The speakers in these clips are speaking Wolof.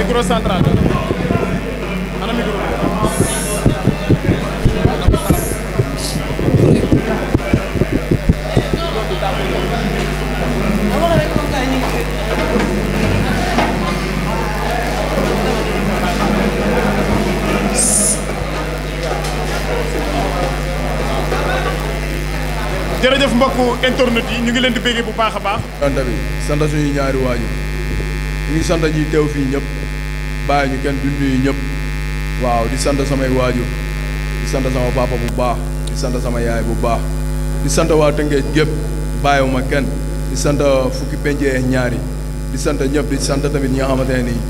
micro central ana mbokk internet yi ñu ngi leen di béggee bu baax a baax. sant bi sant suñuy ñaari waajur ñu ngi sant teew fii ñëpp. bàyyi ñu kenn du nuyu ñëpp waaw di sant samay waajur di sant sama papa bu baax di sant sama yaay bu baax di sant waa Tëngéej gépp bàyyiwuma kenn di sant fukki pencee ñaari di sant ñëpp di sant tamit ñi nga xamante ne nii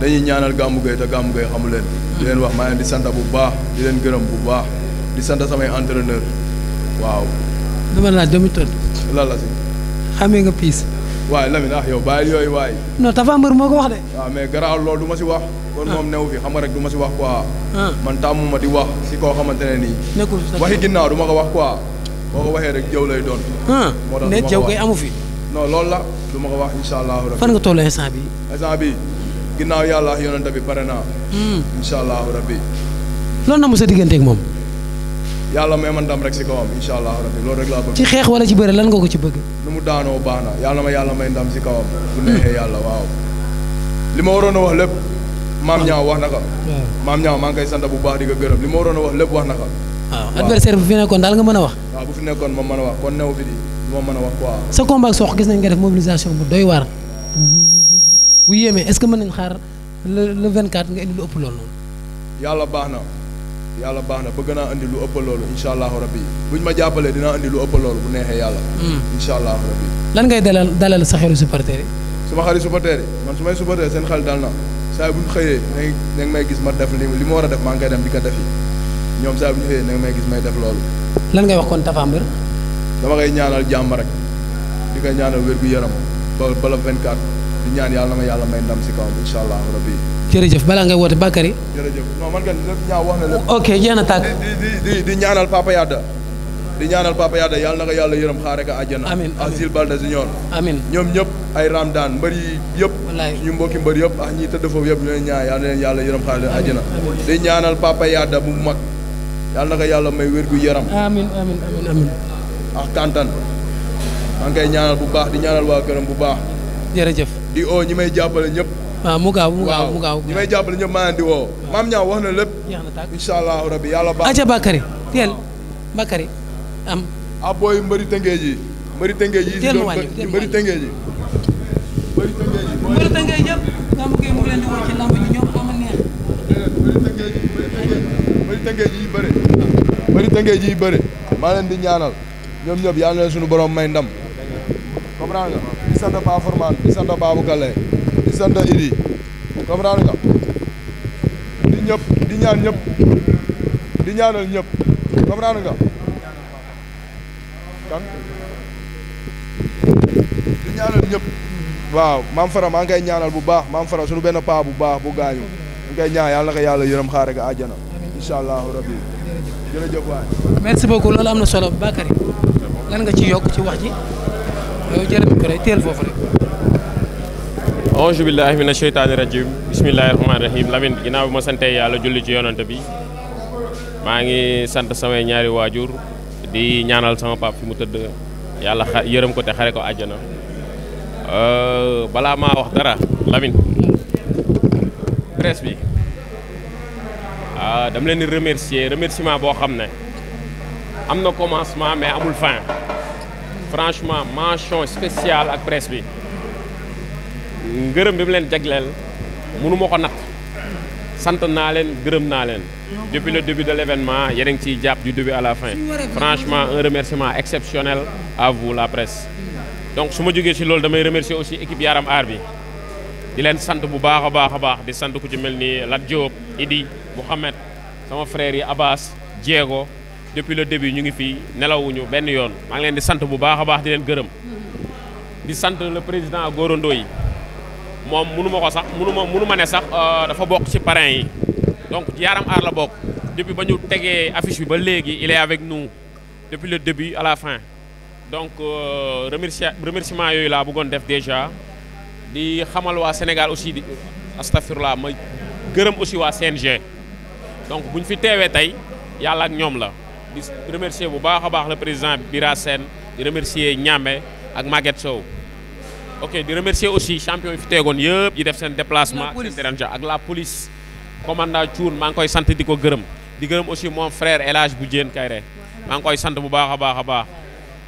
dañuy ñaanal Gamou Gueye te Gamou Gueye xamu leen di leen wax maa leen di sant bu baax di leen gërëm bu baax di sant samay entraîneur waaw. dama laa dama tëdd. lan si. xamee nga piis. waaye na Lamine ah yow bàyyil yooyu waay. non Tapha moo ko wax de. waaw ah, mais garaaw loolu du si wax. kon moom newu fi xam nga rek du ma si wax quoi. Ah. man tàmmu ma di wax si koo xamante ne nii. nekkul waxi ginnaaw du ma ko wax quoi. boo ko waxee rek jëw lay doon. Ah. moo tax ne jëw kay amu fi. non loolu la du ma ko wax incha allahu rabi. fan nga toll instant bi instant bi ginnaaw yàlla yonent bi pare naa. Hmm. incha allahu bi loolu na mu sa digganteeg moom. yàlla may ma ndam rek si kawam incha allah rabbi loolu rek laa bëgg. ci xeex wala ci bëre lan nga ko ci bëgg. nu mu daanoo baax na yàlla ma yàlla may ndam si kawam. bu neexee yàlla waaw. li ma waroon a wax lépp. maam ah. ñaaw wax na ka ah. maam ñaaw maa ngi koy sant bu baax di ko gërëm li ma waroon a wax lépp wax na ko. Ah, waaw adversaire bu fi nekkoon daal nga mën a wax. waaw bu fi nekkoon ma mën a wax kon newu fi di ma mën a wax quoi. sa combat ak Sokh gis nañ nga def mobilisation bu doy waar. bu yéeme yàlla baax na yàlla baax na bëgg naa indi lu ëpp loolu incha allahu rabbi buñ ma jàppalee dinaa andi lu ëpp loolu bu neexee yàlla. Hmm. incha allahu rabbi. lan ngay dalal dalal sa xelu supporter yi. su ma xari supporter yi man su may supporter seen xel dal na saa bu ñu xëyee na nga may gis ma def li li ma war a def maa ngay dem di ko def yi ñoom saa bu ñu xëyee na nga may gis may def loolu. lan ngay wax kon Tapha Mbeur. dama koy ñaanal jàmm rek di koy ñaanal wér gu yaram ba ba la 24 di ñaan yàlla ma yàlla may ndam si kawam incha allahu rabbi jërëjëf balaa ngay woote Bakary. jërëjëf non man kan lépp ok jeex na tàkk. di di ñaanal Papa Yada. di ñaanal Papa Yada yàlla na yàlla yërëm xaare ko àjjana. amiin amiin Asile Balde Junior. ay Ramdan mbër yi yëpp. wallaay ñu mbokki mbër yëpp ah ñiy tëdd yëpp ñooy ñaan yàlla na leen yàlla yërëm xaare leen àjjana. di ñaanal Papa Yada bu mag. yàlla na yàlla may wér gu yaram. amiin amiin amiin amiin. ah Tantan. maa ñaanal bu baax di ñaanal waa këram bu baax. jërëjëf di oo ñi may jàppale ñëpp waaw ah, mu gaaw mu gaaw mu gaaw ñi may jàppale ñëpp maa di woo. Ah. maam ñaaw wax na lépp. jeex na tàkk incha allahu baax. aja Bakary am. ah mbëri tëngee mbëri tëngee ji mbëri tëngee ji. mbëri tëngee ji ñoom ama neex. mbëri tëngee ji may ndam. comprendre nga di sant Ba Formane di sant Babou Gallé di sant Idi di ñëpp di ñaan ñëpp di ñaanal ñëpp comprendre di ñaanal ñëpp waaw maa ngi koy ñaanal bu baax maam Fara suñu benn paa bu baax bu gaañu ñu ñaan yàlla na ko yàlla yërëm xaare ko àjjana incha allahu rabbi jërëjëf waay merci beaucoup loolu am na solo Bakary lan nga ci yokk ci wax ji yow foofu rek auzu billahi mina sheytaani rajim bismillahi rahmaani rahim Lamine ginnaaw bi ma sante yàlla julli ci yonante bi maa ngi sant samay ñaari waajur di ñaanal sama pap fi mu tëdd yàlla xa yërëm ko te xare ko àjjana euh, balaa maa wax dara Lamine presse bi ah dama leen di remercier remerciement boo xam ne am na commencement mais amul fin franchement mention spéciale ak presse bi ngërëm bi mu leen jagleel mënu ko natt sant naa leen gërëm naa leen depuis le début de l'événement yéen a ngi ciy jàpp du début à la fin franchement un remerciement la presse donc su ma jógee ci loolu damay remercier aussi équipe Yaram Aar bi di leen sant bu baax a baax a baax di sant ku ci mel ni Lat Diop Idi Mouhamed sama frère yi Abbas Diego depuis le début ñu ngi fii nelawuñu benn yoon maa leen di sant bu baax a baax di leen gërëm di sant le président Gorondo yi moom munu ko sax munu ma munu ma ne sax euh, dafa bokk ci parrain yi donc ci Yaram Aar la bokk depuis ba ñu tegee affiche bi ba léegi il est avec nous depuis le début à la fin donc euh, remercie remerciement yooyu laa bëggoon def déjà di xamal waa Sénégal aussi di astafirlaa ma gërëm aussi waa CNG donc bu fi teewee tey yàlla ak ñoom la di remercier bu baax a baax le président Bira Sène di remercier Ñambe ak Maguette Sow ok di remercier aussi champion yi fi teegoon yëpp yi def seen déplacement seen ak la police commandant Thioune maa ngi koy sant di ko gërëm di gërëm aussi moom frère El bu Diène Kayré maa ngi koy sant bu baax a baax a baax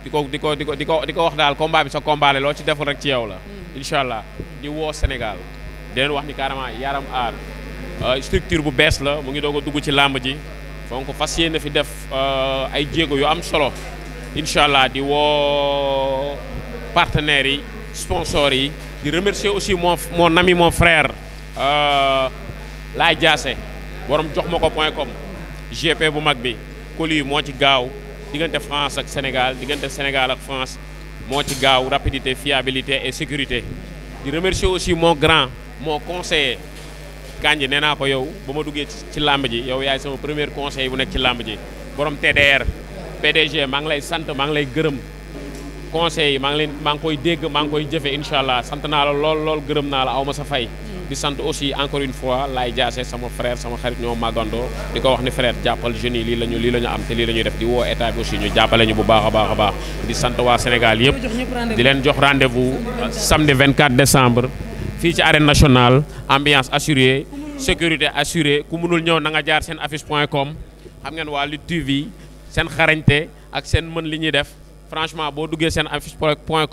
di ko di ko di ko di ko di ko wax daal combat bi sa combat loo ci deful rek ci yow la hmm. incha allah di woo Sénégal di wax ni carrément yaram aar euh, structure bu bees la mu ngi doog a dugg ci làmb ji donc fas yéene fi def euh, ay jéego yu am solo incha allah di woo partenaires yi sponsors yi di remercier aussi moo mon ami mon frère euh, Laay Jaase borom jox ma ko point com GP bu mag bi colis moo ci gaaw diggante France ak Sénégal diggante Sénégal ak France moo ci gaaw rapidité fiabilité et sécurité di remercier aussi moo grand moo conseiller Kandji nee naa ko yow ba ma duggee ci làmb ji yow yaay sama premier conseil bu nekk ci làmb ji borom TDR PDG maa ngi lay sant maa ngi lay gërëm conseil maa ngi leen maa ngi koy dégg maa ngi koy jëfe incha allah sant naa la lool lool gërëm naa la aw sa fay mm. di sant aussi encore une fois Laye Diassé sama frère sama xarit ñoo màggandoo di ko wax ni frère jàppal jeunes yi lii la ñu lii la ñu am te lii la ñuy def di woo état aussi ñu jàppale ñu bu baax a baax a baax di sant waa Sénégal yëpp di leen jox rendez-vous samedi 24 décembre fii ci arène national ambiance assurée sécurité assurée ku mënul ñëw na nga jaar seen affiche point com xam ngeen waa Lutte TV seen xarañte ak seen mën li ñuy def franchement boo duggee seen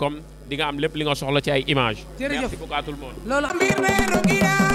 com di am lépp li nga soxla ci ay image jërëjëf merci beaucoup à tout le